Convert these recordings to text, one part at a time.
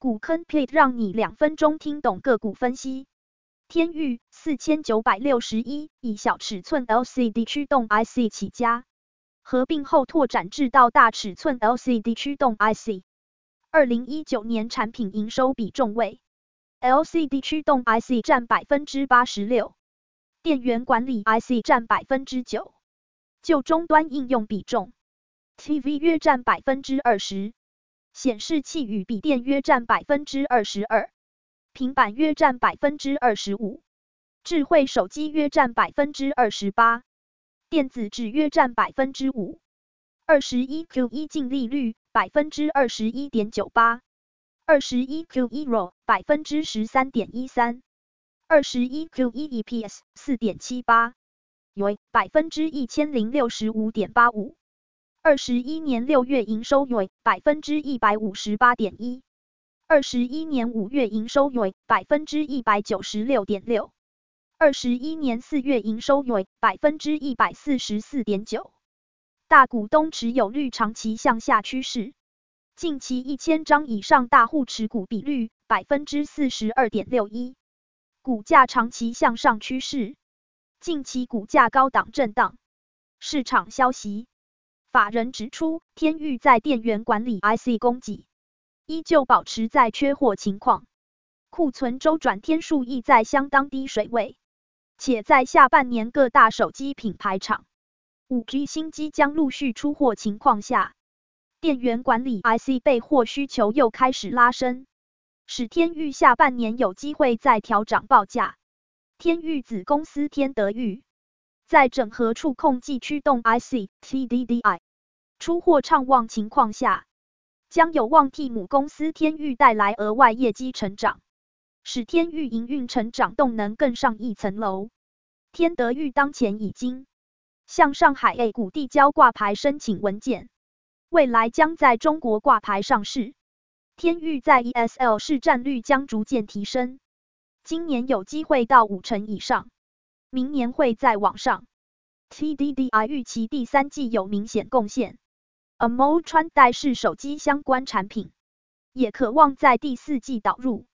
股坑 plate 讓你兩分鐘聽懂個股分析。天鈺四千九百六十一，61, 以小尺寸 LCD 驅動 IC 起家，合併後拓展至到大尺寸 LCD 驅動 IC。二零一九年產品營收比重為，LCD 驅動 IC 占百分之八十六，電源管理 IC 占百分之九。就終端應用比重，TV 約占百分之二十。顯示器與筆電約佔百分之二十二，平板約佔百分之二十五，智慧手機約佔百分之二十八，電子紙約佔百分之五。二十一 Q 一淨利率百分之二十一點九八，二十一 Q 一 ROE 百分之十三點一三，二十一 Q 一 EPS 四點七八，YoY 百分之一千零六十五點八五。二十一年六月營收率百分之一百五十八點一，二十一年五月營收率百分之一百九十六點六，二十一年四月營收率百分之一百四十四點九。大股東持有率長期向下趨勢，近期一千張以上大戶持股比率百分之四十二點六一，股價長期向上趨勢，近期股價高檔震盪。市場消息。法人指出，天鈺在電源管理 IC 供給依舊保持在缺貨情況，庫存週轉天數亦在相當低水位。且在下半年各大手機品牌廠 5G 新機將陸續出貨情況下，電源管理 IC 備貨需求又開始拉升，使天鈺下半年有機會再調漲報價。天鈺子公司天德鈺。在整合觸控及驅動 IC TDDI 出貨暢旺情況下，將有望替母公司天鈺帶來額外業績成長，使天鈺營運成長動能更上一層樓。天德鈺當前已經向上海 A 股遞交掛牌申請文件，未來將在中國掛牌上市。天鈺在 ESL 市佔率將逐漸提升，今年有機會到五成以上。明年會再往上。TDDI 預期第三季有明顯貢獻 AMOLED 穿戴式手機相關產品也可望在第四季導入。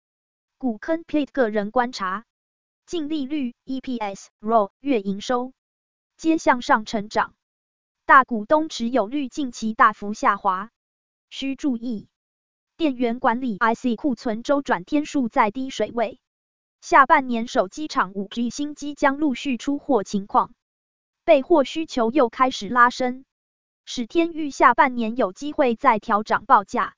股坑 pit 個人觀察，淨利率、EPS、ROE 月營收皆向上成長，大股東持有率近期大幅下滑，需注意。電源管理 IC 庫存周轉天數在低水位。下半年手機廠 5G 新機將陸續出貨情況，備貨需求又開始拉升，使天鈺下半年有機會再調漲報價。